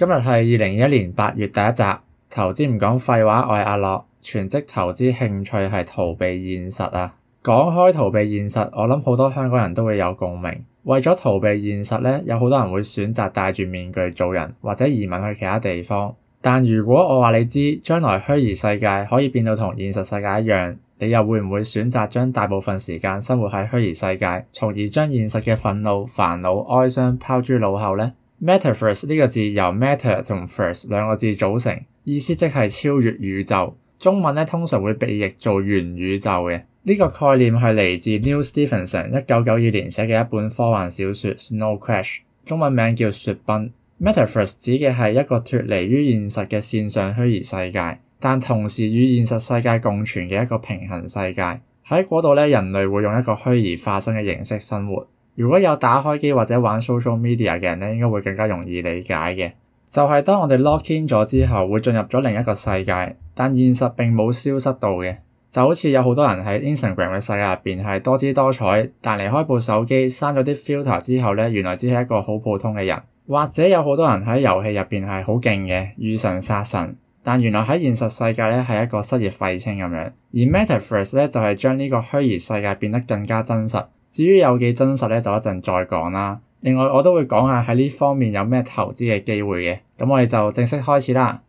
今日係二零二一年八月第一集，投資唔講廢話，我係阿樂，全職投資興趣係逃避現實啊！講開逃避現實，我諗好多香港人都會有共鳴。為咗逃避現實呢，有好多人會選擇戴住面具做人，或者移民去其他地方。但如果我話你知，將來虛擬世界可以變到同現實世界一樣，你又會唔會選擇將大部分時間生活喺虛擬世界，從而將現實嘅憤怒、煩惱、哀傷拋諸腦後呢？Metaverse 呢個字由 meta 同 verse 兩個字組成，意思即係超越宇宙。中文咧通常會被譯做元宇宙嘅。呢、這個概念係嚟自 Neal Stephenson 一九九二年寫嘅一本科幻小説《Snow Crash》，中文名叫《雪崩》。Metaverse 指嘅係一個脱離於現實嘅線上虛擬世界，但同時與現實世界共存嘅一個平衡世界。喺嗰度咧，人類會用一個虛擬化身嘅形式生活。如果有打開機或者玩 social media 嘅人呢，應該會更加容易理解嘅。就係當我哋 lock in 咗之後，會進入咗另一個世界，但現實並冇消失到嘅。就好似有好多人喺 Instagram 嘅世界入面係多姿多彩，但離開部手機刪咗啲 filter 之後呢，原來只係一個好普通嘅人。或者有好多人喺遊戲入面係好勁嘅，遇神殺神，但原來喺現實世界呢，係一個失業廢青咁樣。而 Metaverse 呢就係將呢個虛擬世界變得更加真實。至於有幾真實呢，就一陣再講啦。另外，我都會講下喺呢方面有咩投資嘅機會嘅。咁我哋就正式開始啦。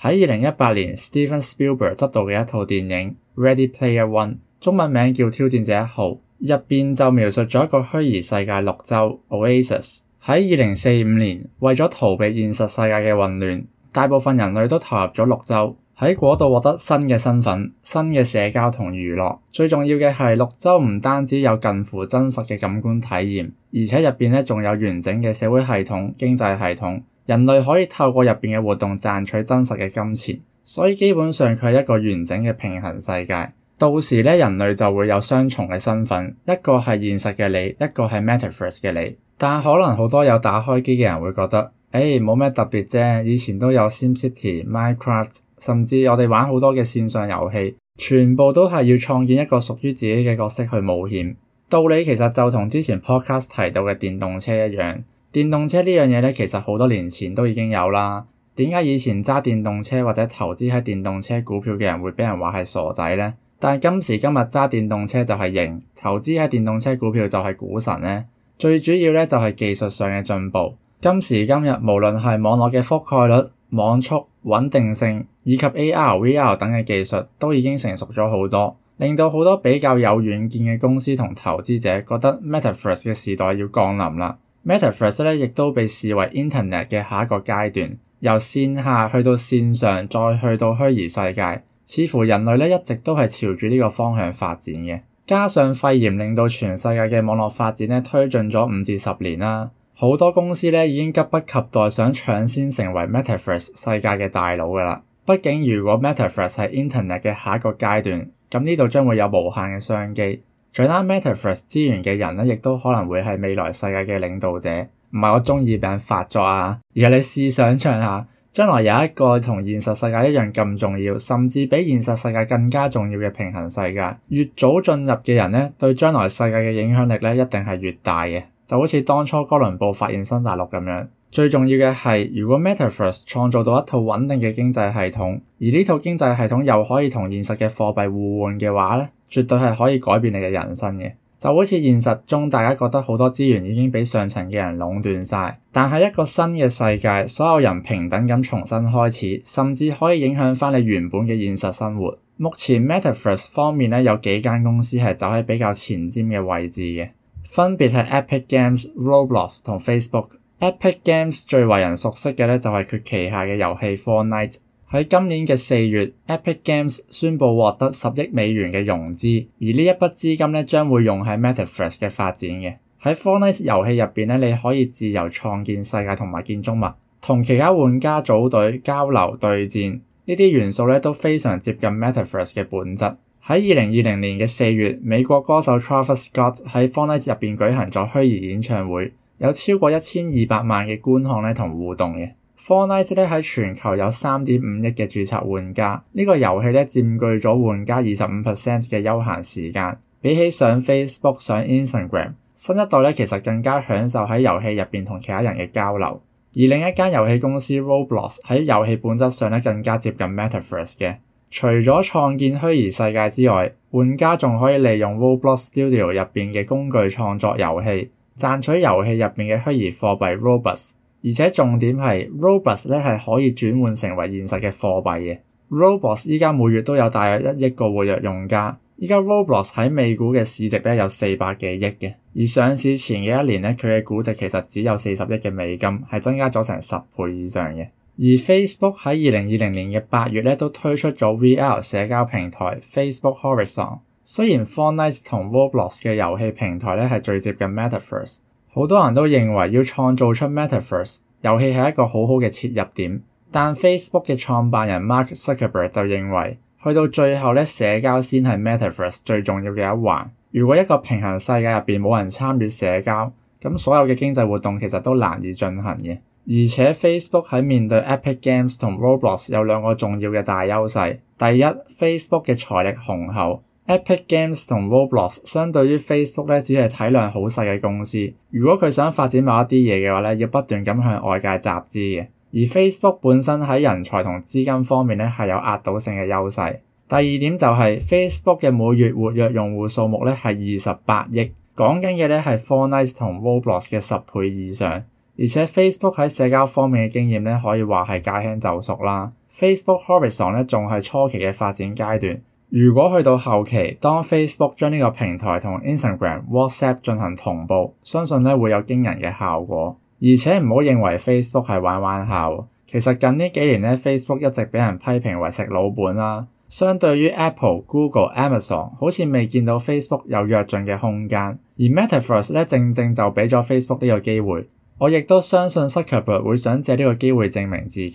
喺二零一八年 s t e v e n Spielberg 執導嘅一套電影《Ready Player One》，中文名叫《挑戰者一號》，入邊就描述咗一個虛擬世界六洲 Oasis。喺二零四五年，為咗逃避現實世界嘅混亂，大部分人類都投入咗綠洲，喺嗰度獲得新嘅身份、新嘅社交同娛樂。最重要嘅係，綠洲唔單止有近乎真實嘅感官體驗，而且入面呢仲有完整嘅社會系統、經濟系統。人類可以透過入面嘅活動賺取真實嘅金錢，所以基本上佢係一個完整嘅平衡世界。到時呢，人類就會有雙重嘅身份，一個係現實嘅你，一個係 Metaverse 嘅你。但可能好多有打開機嘅人會覺得，誒冇咩特別啫。以前都有 SimCity、Minecraft，甚至我哋玩好多嘅線上遊戲，全部都係要創建一個屬於自己嘅角色去冒險。道理其實就同之前 Podcast 提到嘅電動車一樣。電動車呢樣嘢咧，其實好多年前都已經有啦。點解以前揸電動車或者投資喺電動車股票嘅人會俾人話係傻仔咧？但今時今日揸電動車就係型，投資喺電動車股票就係股神咧。最主要呢，就係技術上嘅進步。今時今日，無論係網絡嘅覆蓋率、網速、穩定性，以及 AR、VR 等嘅技術，都已經成熟咗好多，令到好多比較有遠見嘅公司同投資者覺得 Metaverse 嘅時代要降臨啦。Metaverse 呢，亦都被視為 Internet 嘅下一個階段，由線下去到線上，再去到虛擬世界，似乎人類呢，一直都係朝住呢個方向發展嘅。加上肺炎令到全世界嘅網絡發展咧推進咗五至十年啦，好多公司咧已經急不及待想搶先成為 Metaverse 世界嘅大佬噶啦。畢竟如果 Metaverse 係 Internet 嘅下一個階段，咁呢度將會有無限嘅商機。掌握 Metaverse 資源嘅人咧，亦都可能會係未來世界嘅領導者。唔係我中意病發作啊，而係你試想象下。將來有一個同現實世界一樣咁重要，甚至比現實世界更加重要嘅平衡世界，越早進入嘅人咧，對將來世界嘅影響力咧，一定係越大嘅。就好似當初哥倫布發現新大陸咁樣。最重要嘅係，如果 Metaverse 創造到一套穩定嘅經濟系統，而呢套經濟系統又可以同現實嘅貨幣互換嘅話咧，絕對係可以改變你嘅人生嘅。就好似現實中，大家覺得好多資源已經俾上層嘅人壟斷晒，但喺一個新嘅世界，所有人平等咁重新開始，甚至可以影響翻你原本嘅現實生活。目前 Metaverse 方面呢，有幾間公司係走喺比較前瞻嘅位置嘅，分別係 Epic Games、Roblox 同 Facebook。Epic Games 最為人熟悉嘅呢，就係、是、佢旗下嘅遊戲《Fortnite 喺今年嘅四月，Epic Games 宣佈獲得十億美元嘅融資，而呢一筆資金咧將會用喺 Metaverse 嘅發展嘅。喺《Fortnite》遊戲入邊咧，你可以自由創建世界同埋建築物，同其他玩家組隊交流對戰，呢啲元素咧都非常接近 Metaverse 嘅本質。喺二零二零年嘅四月，美國歌手 Travis Scott 喺《Fortnite》入邊舉行咗虛擬演唱會，有超過一千二百萬嘅觀看咧同互動嘅。Fortnite 咧喺全球有三點五億嘅註冊玩家，呢、呢個遊戲咧佔據咗玩家25%嘅休閒時間。比起上 Facebook、上 Instagram，新一代咧其實更加享受喺遊戲入邊同其他人嘅交流。而另一間遊戲公司 Roblox 喺遊戲本質上咧更加接近 Metaverse 嘅。除咗創建虛擬世界之外，玩家仲可以利用 Roblox Studio 入邊嘅工具創作遊戲，賺取遊戲入邊嘅虛擬貨幣 Robux。而且重點係 Roblox 咧係可以轉換成為現實嘅貨幣嘅。Roblox 依家每月都有大約一億個活躍用家，依家 Roblox 喺美股嘅市值咧有四百幾億嘅，而上市前嘅一年咧，佢嘅估值其實只有四十億嘅美金，係增加咗成十倍以上嘅。而 Facebook 喺二零二零年嘅八月咧都推出咗 VR 社交平台 Facebook Horizon。雖然 Fortnite 同 Roblox 嘅遊戲平台咧係最接近 Metaverse。好多人都認為要創造出 Metaverse 遊戲係一個好好嘅切入點，但 Facebook 嘅創辦人 Mark Zuckerberg 就認為，去到最後咧，社交先係 Metaverse 最重要嘅一環。如果一個平衡世界入面冇人參與社交，咁所有嘅經濟活動其實都難以進行嘅。而且 Facebook 喺面對 Epic Games 同 Roblox 有兩個重要嘅大優勢。第一，Facebook 嘅財力雄厚。Epic Games 同 Roblox 相對於 Facebook 咧，只係體量好細嘅公司。如果佢想發展某一啲嘢嘅話咧，要不斷咁向外界集資嘅。而 Facebook 本身喺人才同資金方面咧係有壓倒性嘅優勢。第二點就係、是、Facebook 嘅每月活躍用戶數目咧係二十八億，講緊嘅咧係 Fortnite 同 Roblox 嘅十倍以上，而且 Facebook 喺社交方面嘅經驗咧可以話係駕輕就熟啦。Facebook Horizon 咧仲係初期嘅發展階段。如果去到後期，當 Facebook 將呢個平台同 Instagram、WhatsApp 進行同步，相信咧會有驚人嘅效果。而且唔好認為 Facebook 係玩玩下喎，其實近呢幾年咧，Facebook 一直俾人批評為食老本啦、啊。相對於 Apple、Google、Amazon，好似未見到 Facebook 有躍進嘅空間。而 Metaverse 咧，正正就俾咗 Facebook 呢個機會。我亦都相信 Zuckerberg 會想借呢個機會證明自己。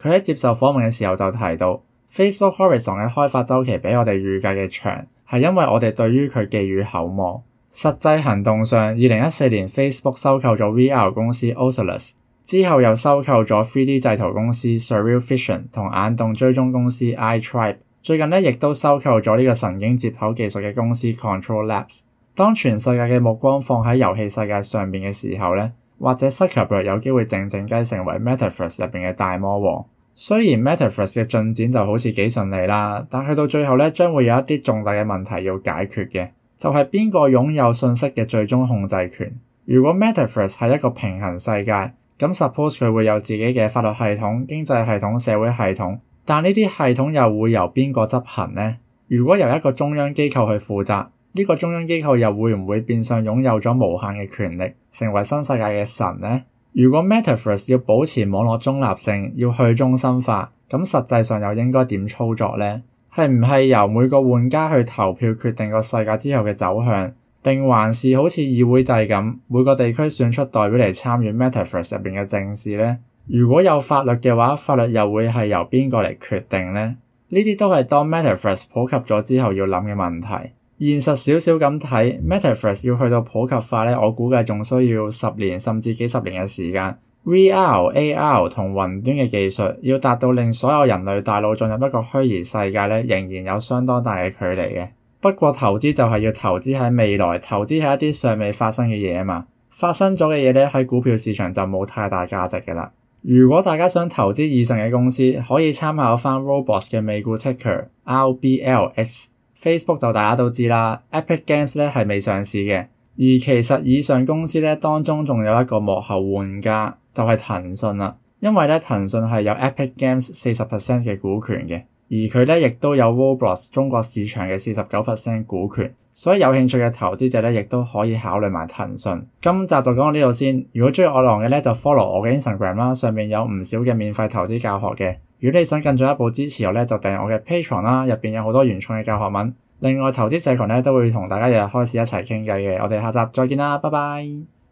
佢喺接受訪問嘅時候就提到。Facebook Horizon 嘅開發周期比我哋預計嘅長，係因為我哋對於佢寄予厚望。實際行動上，二零一四年 Facebook 收購咗 VR 公司 Oculus，之後又收購咗 3D 製圖公司 Surreal Vision 同眼動追蹤公司 Eye Tribe。Be, 最近呢，亦都收購咗呢個神經接口技術嘅公司 Control Labs。當全世界嘅目光放喺遊戲世界上面嘅時候呢，或者 c y b 有機會靜靜雞成為 Metaverse 入邊嘅大魔王。雖然 Metaverse 嘅進展就好似幾順利啦，但去到最後咧，將會有一啲重大嘅問題要解決嘅，就係邊個擁有信息嘅最終控制權？如果 Metaverse 係一個平衡世界，咁 suppose 佢會有自己嘅法律系統、經濟系統、社會系統，但呢啲系統又會由邊個執行呢？如果由一個中央機構去負責，呢個中央機構又會唔會變相擁有咗無限嘅權力，成為新世界嘅神呢？如果 Metaverse 要保持網絡中立性，要去中心化，咁實際上又應該點操作呢？係唔係由每個玩家去投票決定個世界之後嘅走向，定還是好似議會制咁，每個地區選出代表嚟參與 Metaverse 入面嘅政事呢？如果有法律嘅話，法律又會係由邊個嚟決定呢？呢啲都係當 Metaverse 普及咗之後要諗嘅問題。現實少少咁睇 m e t a v e r s 要去到普及化咧，我估計仲需要十年甚至幾十年嘅時間。VR、AR 同雲端嘅技術要達到令所有人類大腦進入一個虛擬世界咧，仍然有相當大嘅距離嘅。不過投資就係要投資喺未來，投資喺一啲尚未發生嘅嘢啊嘛。發生咗嘅嘢咧，喺股票市場就冇太大價值嘅啦。如果大家想投資以上嘅公司，可以參考翻 Robots 嘅美股 Ticker RBLX。Facebook 就大家都知啦，Epic Games 咧係未上市嘅，而其實以上公司咧當中仲有一個幕後玩家就係騰訊啦，因為咧騰訊係有 Epic Games 四十 percent 嘅股權嘅，而佢咧亦都有 Roblox 中國市場嘅四十九 percent 股權，所以有興趣嘅投資者咧亦都可以考慮埋騰訊。今集就講到呢度先，如果中意我郎嘅咧就 follow 我嘅 Instagram 啦，上面有唔少嘅免費投資教學嘅。如果你想更進一步支持我咧，就訂閱我嘅 Patreon 啦，啊，入邊有好多原創嘅教學文。另外投資社群咧都會同大家日日開始一齊傾偈嘅。我哋下集再見啦，拜拜。